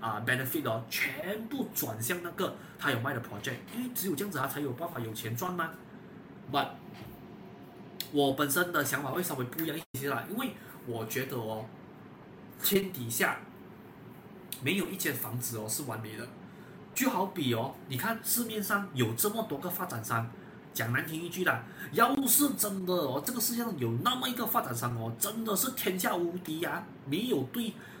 啊，uh，benefit 哦，全部轉向那個他有賣的 project，因為只有這樣子，他才有辦法有錢賺嘛，啊。But 我本身的想法會稍微不一樣一些啦，因為我覺得哦，天底下沒有一間房子哦是完美的，就好比哦，你看市面上有這麼多個發展商，講難聽一句啦，要是真的哦，這個世界上有那麼一個發展商哦，真的是天下無敵啊，沒有對。